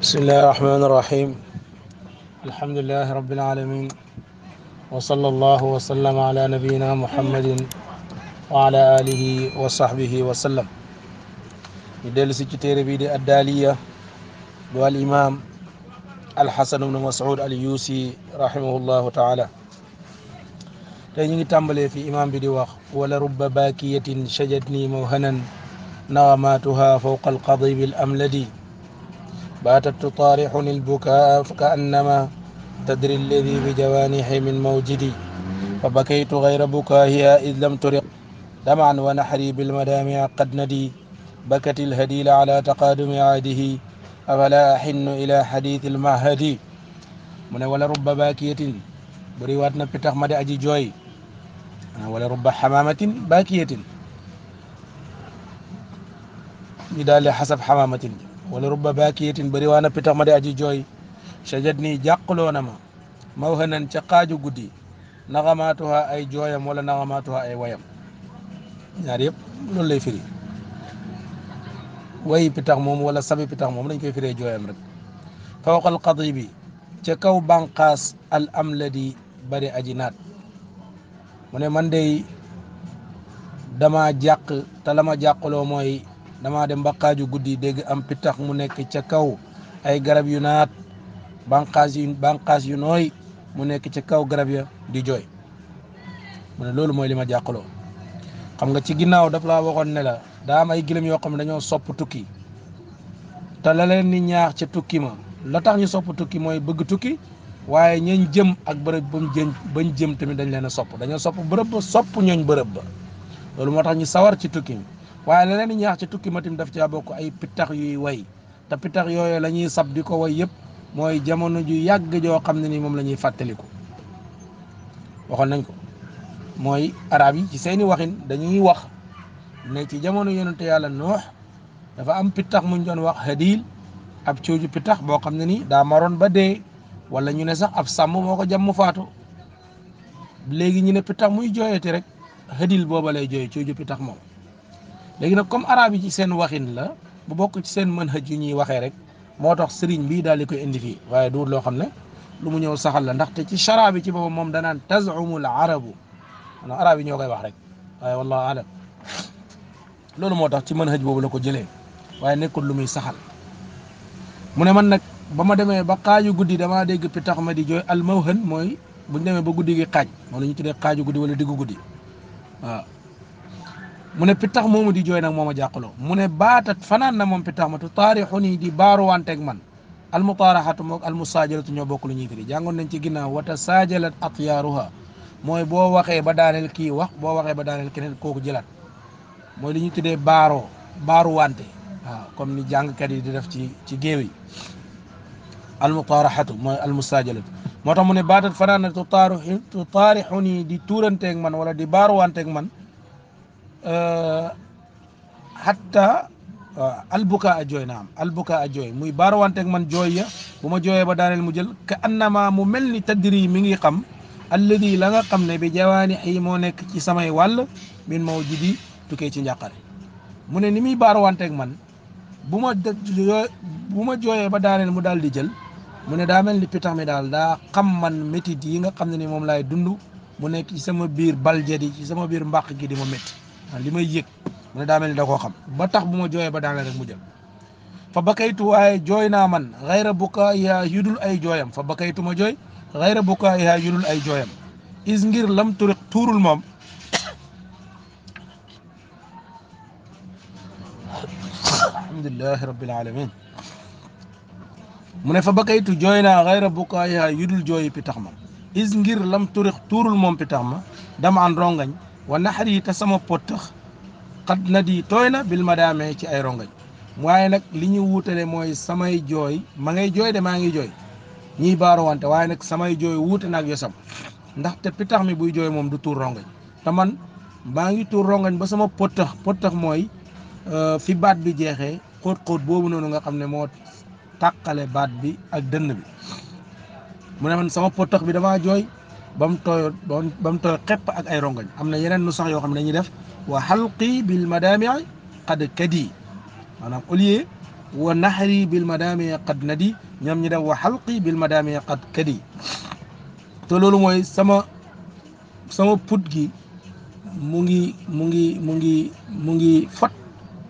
بسم الله الرحمن الرحيم الحمد لله رب العالمين وصلى الله وسلم على نبينا محمد وعلى آله وصحبه وسلم يدل سكتير بيدي الدالية والإمام الحسن بن مسعود اليوسي رحمه الله تعالى تيجي تنبلي في إمام بيدي واخ ولرب باكية شجتني موهنا نواماتها فوق القضيب الأملدي باتت تطارحني البكاء فكأنما تدري الذي بجوانحي من موجدي فبكيت غير بكائها إذ لم ترق دمعا ونحري بالمدامع قد ندي بكت الهديل على تقادم عاده أفلا أحن إلى حديث المعهد من ولا رب باكية بريواتنا في تخمد أجي جوي ولا رب حمامة باكية ندال حسب حمامة wala rubba baakiyatin bëri waa na pitax ma di aji jooy sajat nii jàqloo na ma maw xanan ca xaaju guddi naxamaatuha ay jooyam wala naxamaatuha ay wayam ñaar yëpp loolu lay firi wayi pitax moom wala sabi pitax moom dañ koy firee jooyam rek fawqal qadi bi ca kaw bànqaas al amladi bari aji naat mu ne man dey dama jàq te la ma jàqloo mooy damaa dem ba xaaju guddi dégg am pitax mu nekk ca kaw ay garab yu naat banqaas yu bànqaas yu nooy mu nekk ca kaw garab ya di jooy mu ne loolu mooy li ma jàqaloo xam nga ci ginnaaw daf laa waxoon ne la daa am ay gilem yoo xam ne dañoo sopp tukki te la leen ni ñaax ca tukki ma la tax ñu sopp tukki mooy bëgg tukki waaye ñañ jëm ak bërëb ba mu jëm bañ jëm tamit dañ leen sopp dañoo sopp bërëb ba sopp ñooñ bërëb ba loolu moo tax ñu sawar ci tukki mi waaye leneen di ñaax ci tukki matim daf caa bokk ay pittax yuy way te pittax yooyu lañuy ñuy sab di ko way yëpp mooy jamono ju yàgg joo xam ne ni moom la ñuy fàttaliku waxoon nañ ko mooy arab yi ci seeni waxin dañuy wax ne ci jamono te yàlla noox dafa am pittax muñ doon wax hadiil ab cooju pittax boo xam ne nii daa maroon ba dee wala ñu ne sax ab sàmm moo ko jàmm faatu léegi ñu ne pittax muy jooyati rek hadiil booba lay jooy cooju pittax moom léegi nag comme arab yi ci seen waxin la bu bokk ci seen mën xëj yu ñuy waxee rek moo tax sëriñ bii daal di koy indi fii waaye duur loo xam ne lu mu ñëw saxal la ndaxte ci chara bi ci boppam moom danaan tazumul arabu maanaam arab yi ñoo koy wax rek waaye wallahu alam loolu moo tax ci mën xëj boobu la ko jëlee waaye nekkul lu muy saxal mu ne man nag ba ma demee ba xaaju guddi damaa dégg pitax ma di jooy almawhan mooy buñ demee ba guddi gi xaaj moom la ñu tuddee xaaju guddi wala diggu guddi waaw mu ne pittax moomu di jooy nag mooma jàqaloo mu ne baatat fanaan na moom pittax ma tu taarixu nii di wanteeg man almutaaraxatu moog almusaajalatu ñoo bokk lu ñuy firi jàngoon nañ ci ginnaaw wata saajalat atyaaruha mooy boo waxee ba daaneel kii wax boo waxee ba daaneel keneen kooku jëlaat mooy li ñu tuddee baaroo baaruwante waaw comme ni jàngkat yi di def ci ci géew yi almutaaraxatu mooy almusaajalatu moo tax mu ne baatat fanaan na tu taarixu tu taarixu nii di tuuranteeg man wala di baaru wanteeg man Uh, hatta uh, albuka a jooy naam albuka a jooy muy baarawanteeg man jooy ya bu ma jooyee ba daaneel mu jël ka annama mu mel ni tadri mi ngi xam yi la nga xam ne bi jawaani ay moo nekk ci samay wàll min maw jidi tukkee ci njàqare mu ne ni muy baarawanteeg man bu ma bu ma jooyee ba daaneel mu daal di jël mu ne daa mel ni pitax mi daal daa xam man métit yi nga xam ne ni moom laay dund mu nekk ci sama biir balje di ci sama biir mbaq gi di ma métti li may yëg mu ne daa ni da xam ba tax bu ma jooyee ba daanaka rek mu jël fa bakaytu waaye jooy naa man xayra bukaayiha yudul ay jooyam fa bakaytu ma jooy xayra bukaayiha ay jooyam is ngir lam turiq tuurul moom alhamdulilahi rabbil alamin mu ne fa bakaytu jooy naa xayra bukaayiha yudul pitax ma is ngir lam turiq tuurul moom pitax ma dama an wa naxar yi te sama pottax xat na di tooy na bil ma daamee ci ay rongañ waaye nag li ñuy wuutale mooy samay jooy ma ngay jooy de maa ngi jooy ñiy baarawante waaye nag samay jooy wuute na ak yosam ndaxte pitax mi buy jooy moom du tuur rongañ te man maa ngi tuur rongañ ba sama pottax pottax mooy euh, fi baat bi jeexee xóot-xóot boobu noonu nga xam ne moo tàqale baat bi ak dënn bi mu ne man sama pottax bi damaa jooy ba mu tooy ba mu tooy xepp ak ay rongoñ am na yeneen nu sax yoo xam ne dañuy def wa xalqi bil madamii qad kadi maanaam au lieu wa naxri bil madamii qad nadi ñoom ñi def wa xalqi bil madamii qad kadi te loolu mooy sama sama put gi mu ngi mu ngi mu ngi mu ngi fot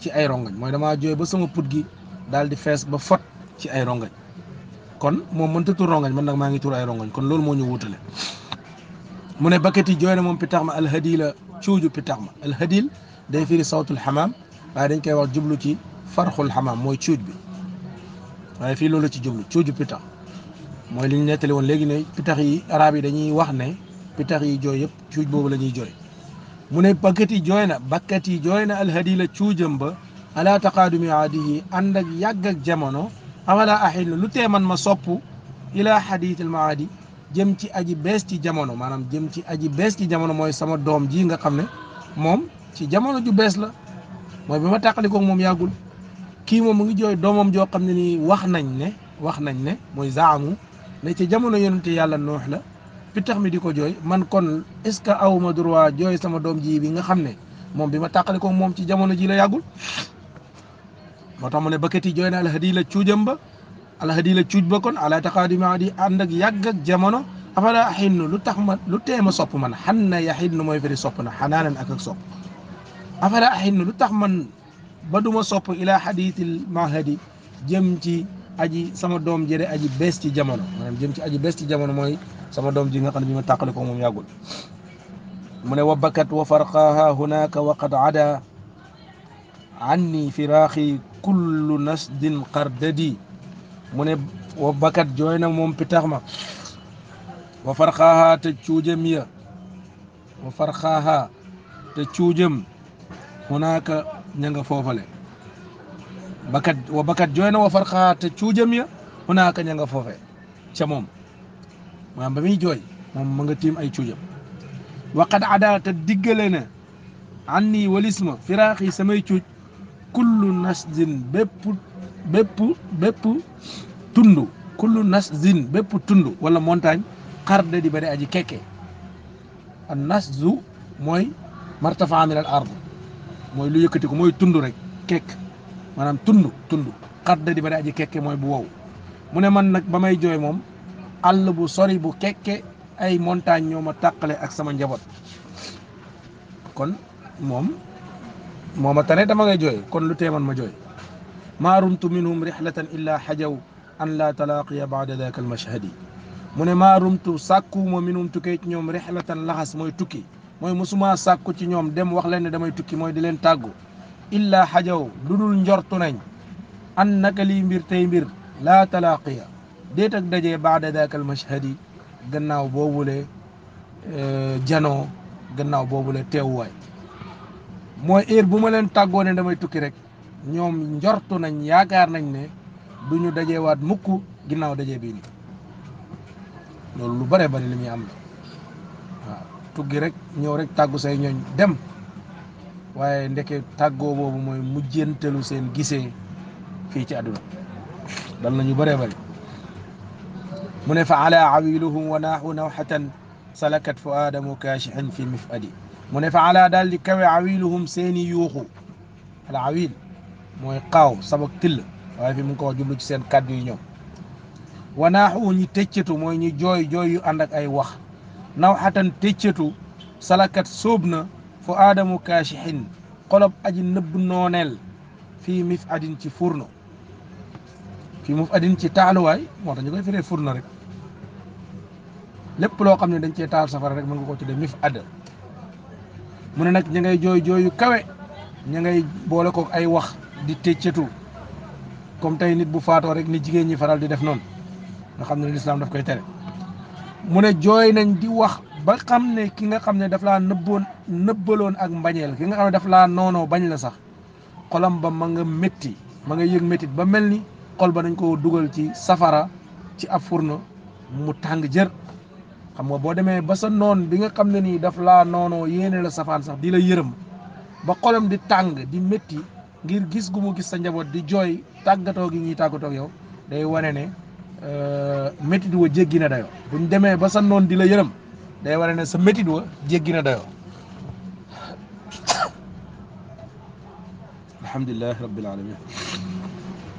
ci ay rongoñ mooy damaa jooy ba sama put gi daal di fees ba fot ci ay rongoñ kon moom mënta tur rongoñ man nag maa ngi tur ay rongoñ kon loolu moo ñu wutale mune bakati joyna mom pitarma al hadila ma pitarma al hadil day firi sawtul hamam way dañ koy wax djublu ci farxul hamam moy cuuj bi way fi loolu ci djublu cuuju pitar moy liñ ñu won legui ne pitar yi arab yi dañuy wax ne pitar yi joy yep cuuj bobu lañuy joy mune bakati joyna bakati joyna al hadila jooy ba ala taqadumi adihi andak yagak jamono awala ahil lu tee man ma sopp ila xadiit maadi jëm ci aji bees ci jamono maanaam jëm ci aji bees ci jamono mooy sama doom ji nga xam ne moom ci jamono ju bees la mooy bi ma tàqalikoo moom yàggul kii moom mu ngi jooy doomam joo xam ne nii wax nañ ne wax nañ ne mooy zaamu ne ci jamono yonente yàlla noox la pitax mi di ko jooy man kon est ce que awma droit jooy sama doom ji bi nga xam ne moom bi ma tàqalikoo moom ci jamono ji la yàggul moo tax mu ne bëkkati jooy na alhadi la cuujam ba alhadi la cuuj ba kon ala taqaadimi adi ànd ak yàgg ak jamono afala axinnu lu tax ma lu tee ma sopp man xan na yaxinnu mooy firi sopp na xanaanan ak ak sopp afala axinnu lu tax man ba duma sopp ila xadiitil mahadi jëm ci aji sama doom jëre aji bees ci jamono maanaam jëm ci aji bees ci jamono mooy sama doom ji nga xam ne bi ma tàqale ko moom yàggul mu ne wa bakat wa farqaaha hunaka wa qad ada anni firaaxi kullu nasdin qardadi mu ne wa bakat jooy na moom pitax ma wa farxaaha te cuujam ya wa farxaaha te cuujam hunaaka ña nga foofale bakat jooy na wa farxaaha te cuujam ya hunaaka ña nga foofe ca moom maanaam ba muy jooy moom ma nga tiim ay cuujam waqad ada te diggale na an nii walis ma firaax yi samay cuuj kullu nasdin bépp bépp bépp tund kullu nasdin bépp tund wala montagne xarde di ba di aji kekke an nasdu mooy martafaa min al ard mooy lu yëkkati ko mooy tund rek kek maanaam tund tund xarde di ba di aji kekke mooy bu wow mu ne man nag ba may jooy moom àll bu sori bu keke ay montagne ñoo ma tàqale ak sama njaboot kon moom moo ma tane dama ngay jooy kon lu tee man ma jooy maa rumtu minhum rihlatan illaa xajaw an laa talaaqiya baada daaka almashhadi mu ne maa rumtu sàkkuwuma minhum tukkee ci ñoom rihlatan laxas mooy tukki mooy mosumaa sàkku ci ñoom dem wax leen ne damay tukki mooy di leen tàggu illaa xajaw lu dul njortu nañ an naka lii mbir tey mbir laa talaaqiya déet ak dajee baada daaka almashhadi gannaaw boobule euh, janoo gannaaw boobule teewuwaay mooy heure bu ma leen tàggoo ne damay tukki rek ñoom njortu nañ yaakaar nañ ne du ñu dajewaat mukk ginnaaw daje bii nii loolu lu bare bari li muy am la tuggi rek ñëw rek tàggu say ñooñ dem waaye ndeke tàggoo boobu mooy mujjantelu seen gise fii ci àdduna dal nañu bare bëri mu ne fa ala awiluhum wa naaxu nawxatan salakat fu aadamu kaashihan fi mifadi mu ne fa ala daal di kawe awiluhum seeni yuuxu al awil mooy xaaw sabak till waaye fi mu ngi ko jublu ci seen kàddu yi ñëw wanaaxu ñi tëccatu mooy ñi jooy jooy yu ànd ay wax naw xatan tëccatu salakat sóob na fu aadamu kaachixin xolob aji nëbb nooneel fii mif adin ci furno fii mif adin ci taaluwaay moo tax ñu koy firee furno rek lépp loo xam ne dañ cee taal safara rek mën nga ko tuddee mif ad mu ne nag ña ngay jooy jooy yu kawe ña ngay boole kook ay wax di tëccatu comme tey nit bu faatoo rek ni jigéen ñi faral di def noonu nga xam ne lislaam daf koy tere mu ne jooy nañ di wax ba xam ne ki nga xam ne daf laa nëbboon nëbbaloon ak mbañeel ki nga xam ne daf laa noonoo bañ la sax xolam ba ma nga metti ma nga yëg méttit ba mel ni xol ba dañ koo dugal ci safara ci ab furno mu tàng jër xam nga boo demee ba sa noon bi nga xam ne nii daf laa noonoo yéene la safaan sax di la yërëm ba xolam di tàng di metti ngir gis gu mu gis sa njaboot di jooy tàggatoo gi ñuy tàggatoo yo day wane ne euh, métit wa jéggi na dayoo buñ demee ba sa noon di la yërëm day wane ne sa métit wa jéggi na dayoo alhamdulilah rabbil alamin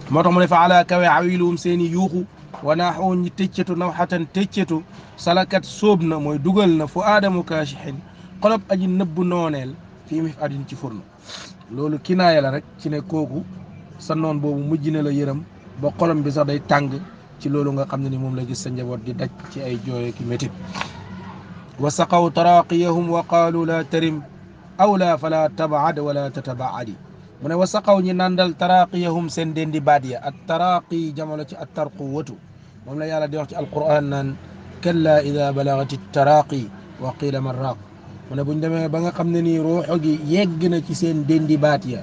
moo tax mu ne fa ala kawe awiluum seen i yuuxu wanaaxoo ñi tëccatu nawxatan tëccatu salakat sóob na mooy dugal na fu aadamu kaasixin xolob aji nëbbu nooneel fii mif adin ci furnu loolu kinaaya la rek ci ne kooku sa noon boobu mujj na la yërëm ba xolam bi day tàng ci loolu nga xam ne ni moom la gis sa njaboot di daj ci ay jooye ki métit wa saqaw taraqiyahum wa qaalu la tarim aw la fala tabaad wala tatabaadi mu ne wa saqaw ñi nandal taraqiyahum seen dendi baat ya at taraqi jamono ci at tarquwatu moom la yàlla di wax ci alquran naan kalla ida balagati taraqi wa qila man raaq mu bu ñu demee ba nga xam ne nii ruuxu gi yegg na ci seen déndi baat ya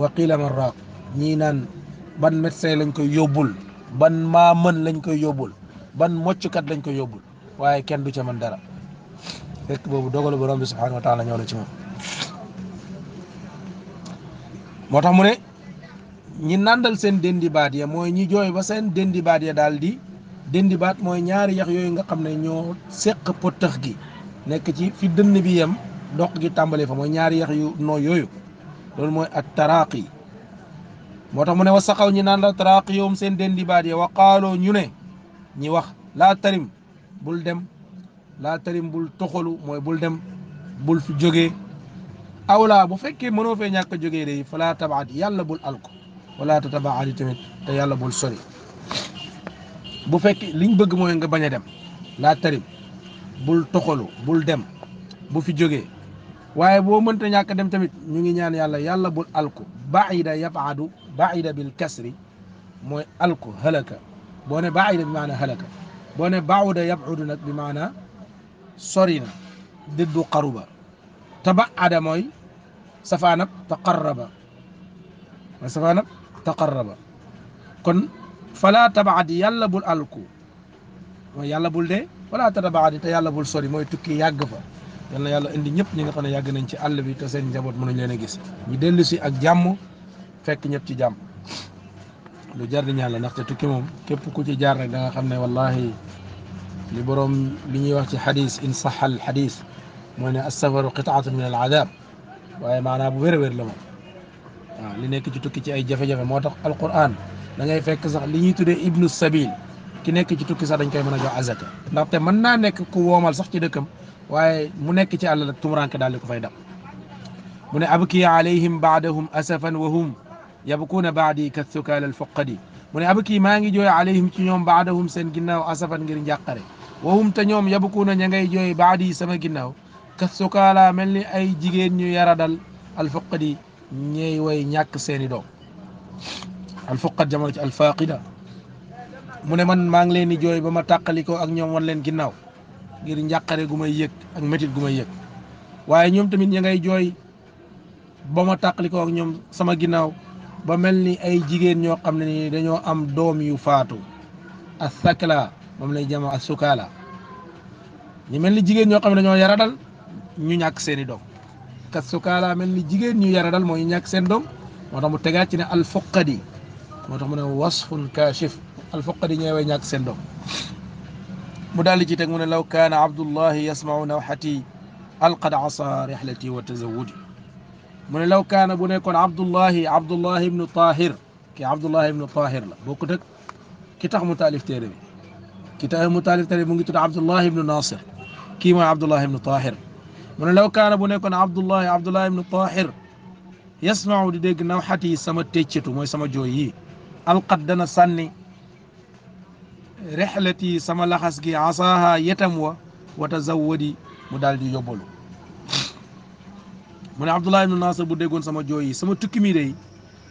waqila man ñii naan ban médecin lañ koy yóbbul ban maa mën lañ koy yóbbul ban moccukat lañ koy yóbbul waaye kenn du ca mën dara fekk boobu dogalu borom bi subhanahu wa taala ñëw ci moom moo tax mu ne ñi nàndal seen déndi baat ya mooy ñi jooy ba seen déndi baat ya daal di déndi baat mooy ñaari yax yooyu nga xam ne ñoo seq potax gi nekk ci fi dënn bi yem dox gi tàmbalee fa mooy ñaari yax yu nooy yooyu loolu mooy at taraaqi moo tax mu ne wa saxaw ñi naan la taraaqi yowum seen dendi baat yi wa qaaloo ñu ne ñi wax laa tarim bul dem laa tarim bul toxalu mooy bul dem bul fi jógee awlaa bu fekkee mënoo fee ñàkk a jógee day falaa tabaat yàlla bul alko wala ta tabaat te yàlla bul sori bu fekkee liñ bëgg mooy nga bañ a dem laa tarim bul toxalu bul dem bu fi jóge waaye boo mënta ñàkk dem tamit ñu ngi ñaan yàlla yàlla bul alku baida yabaadu baida bil kasri mooy alku halaka boo ne baida bi maana halaka boo ne baauda yabaudu nag bi maana sori na diddu qaruba tabaada mooy safaanab taqarraba mooy safaanab taqarraba kon fala tabaad yàlla bul alku mooy yàlla bul dee wala tadabaa di te yàlla bul sori mooy tukki yàgg fa yal na yàlla indi ñëpp ñi nga xam ne yàgg nañ ci àll bi te seen njaboot mënuñ leen a gis ñu dellu si ak jàmm fekk ñëpp ci jàmm lu jar di ñaan la ndaxte tukki moom képp ku ci jaar rek da nga xam ne wallahi li borom li ñuy wax ci xadis in saxal xadis mooy ne assafaru qitaatun min al adab waaye maanaam bu wér-wér la li nekk ci tukki ci ay jafe-jafe moo tax alquran da fekk sax li ñuy tuddee ibnu sabil ki nekk ci tukki sax dañ koy mën a jox azaka ndaxte mën naa nekk ku woomal sax ci dëkkam waaye mu nekk ci àll rek tumuranke daal di ko fay dam mu ne abki alayhim baadahum asafan wa hum yabkuuna baadi ka thukaal al fuqadi mu ne abki maa ngi jooy alayhim ci ñoom baadahum seen ginnaaw asafan ngir njàqare wa hum te ñoom yabkuuna ña ngay jooy baadi sama ginnaaw ka thukaala mel ni ay jigéen ñu yaradal al fuqadi ñey way ñàkk seeni doom al fuqad jamono ci al faaqida mu ne man maa ngi leen di jooy ba ma tàqalikoo ak ñoom wan leen ginnaaw ngir njàqare gu may yëg ak métit gu ma yëg waaye ñoom tamit ña ngay jooy ba ma tàqalikoo ak ñoom sama ginnaaw ba mel ni ay jigéen ñoo xam ne ni dañoo am doom yu faatu a sakla moom lay jamo a sukaala ñu mel ni jigéen ñoo xam ne dañoo dal ñu ñàkk seeni doom kat sukaala mel ni jigéen ñu yaradal mooy ñu ñàkk seen doom moo tax mu tegaat ci ne alfuqadi moo tax mu ne wasfun kashif alfuqari ñooy way ñàkk seen doom mu daal di ci teg mu ne law kaana abdullahi yasmau nawxati alqad asa rihlati wa tazawudi mu ne law kaana bu nekkoon abdullahi abdullahi ibnu tahir ki abdullahi ibnu tahir la bokkut ak ki tax mu taalif téere bi ki tax mu taalif téere bi mu ngi tudd abdullahi ibnu nasir kii mooy abdullahi ibnu tahir mu ne law kaana bu nekkoon abdullahi abdullahi ibnu tahir yasmau di dégg nawxati sama téccetu mooy sama jooy yi alqad dana sànni rexlati sama laxas gi asaaha yetam wa wa tazawadi mu daal di yóbbalu mu ne Abdullah ibnu Nasir bu déggoon sama jooy yi sama tukki mi day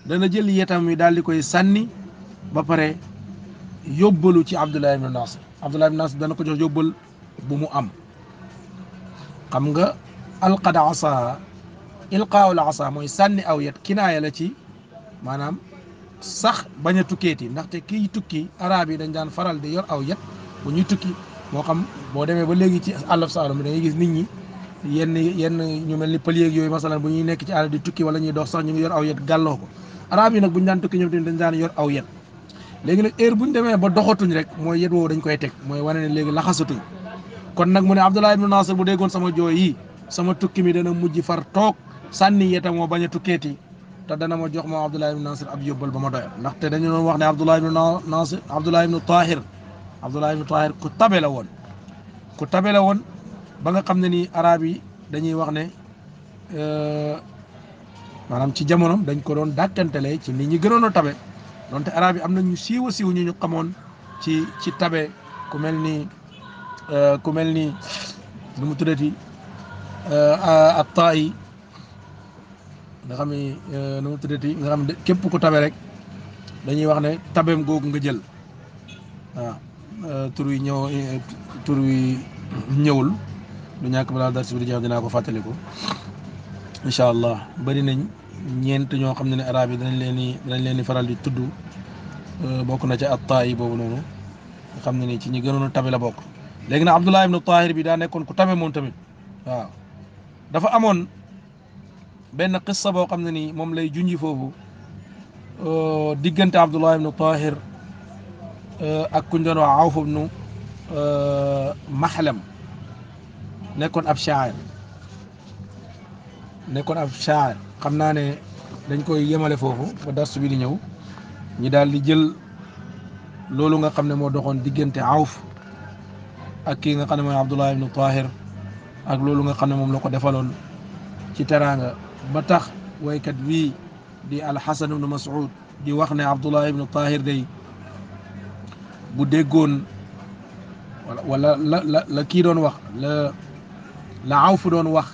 dana jël yetam wi daal di koy sànni ba pare yóbbalu ci Abdullah ibnu Nasir Abdullah ibnu dana ko jox yóbbal bu mu am xam nga alqad asaa ilqaaul asaa mooy sànni aw yet kinaaya la ci maanaam sax bañ a yi ndaxte kiy tukki arab yi dañ daan faral di yor aw yat bu ñuy tukki moo xam boo demee ba léegi ci àllaf saalum da ngay gis nit ñi yenn yenn ñu mel ni pëlier yooyu masalan bu ñuy nekk ci àll di tukki wala ñuy dox sax ñu ngi yor aw yat gàlloo ko arab yi nag bu ñu daan tukki ñoom tamit dañ daan yor aw yat léegi nag heure bu ñu demee ba doxatuñ rek mooy yet woowu dañ koy teg mooy wane ne léegi laxasatuñ kon nag mu ne Abdullah ibnu Nasir bu déggoon sama jooy yi sama tukki mi dana mujj far toog sànni yetam moo bañ a yi te dana ma jox moom Abdullah ibn Nasir ab yóbbal ba ma doyal ndaxte dañu doon wax ne Abdullah ibn Nasir Abdullah ibn Tahir Abdullah ibn Tahir ku tabe la woon ku tabe la woon ba nga xam ne nii arab yi dañuy wax ne euh, maanaam ci jamonom dañ ko doon dàkkantelee ci ni ñi gënoon a tabe donte arab yi am na ñu siiw a ñu ñu xamoon ci ci tabe ku mel ni euh, ku mel ni nu mu tuddati euh, at-Ta'i nga xam ni euh, nu mu tuddati nga xam ne képp ku tabe rek dañuy wax ne tabeem googu nga jël waaw euh, tur ñëw euh, tur wi ñëwul du ñàkk balaa dara si biir jeex dinaa ko fàttaliku incha allah bari nañ ñeent ñoo xam ne ne arab yi danañ leen di danañ leen di faral di tudd bokk na ca at yi boobu noonu nga xam ne ni ci ñi gënoonu a tabe la bokk léegi nag Abdullah ibnu Tahir bi daa nekkoon ku tabe moom tamit waaw dafa amoon. benn qissa boo xam ne nii moom lay junji foofu euh, diggante Abdullah ibnu Tahir euh, ak kuñ doon wa Awf ibnu euh, Maxlam nekkoon ab shaar nekkoon ab shaar xam naa ne dañ koy yemale foofu ba darsu bi di ñëw ñi daal di jël loolu nga xam ne moo doxoon diggante Awf ak kii nga xam ne mooy Abdullah ibnu Tahir ak loolu nga xam ne moom la ko defaloon ci teraanga ba tax waykat wii di alxasan ibnu mas'ud di wax ne abdullah ibnu tahir day bu déggoon wala la la la kii doon wax la la awfu doon wax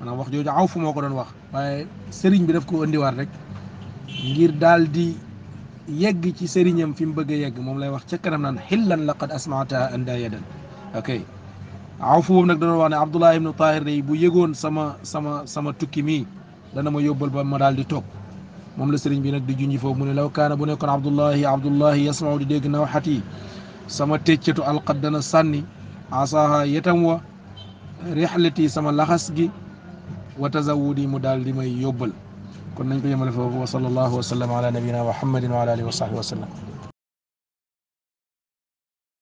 maanaam wax jooju awfu moo ko doon wax waaye sëriñ bi daf ko rek ngir daal di yegg ci seriñam fi mu bëgg a yegg moom lay wax ca kanam naan xillan laqad asmaataha anda yadan awfu boobu nag da doon wax ne Abdullah ibnu Tahir day bu yëgoon sama sama sama tukki mii dana ma yóbbal ba ma daal di toog moom la sëriñ bi nag di junji foofu mu ne law kaana bu nekkoon Abdullahi Abdullahi yasmau di dégg nawxat yi sama téccatu alqat dana sànni asaaha yetam wa rixlati sama laxas gi wa tazawudi mu daal di may yóbbal kon nañ ko yemale foofu wa sallallahu wa sallam ala nabiyina muhammadin wa ala alihi wa sahbihi wa sallam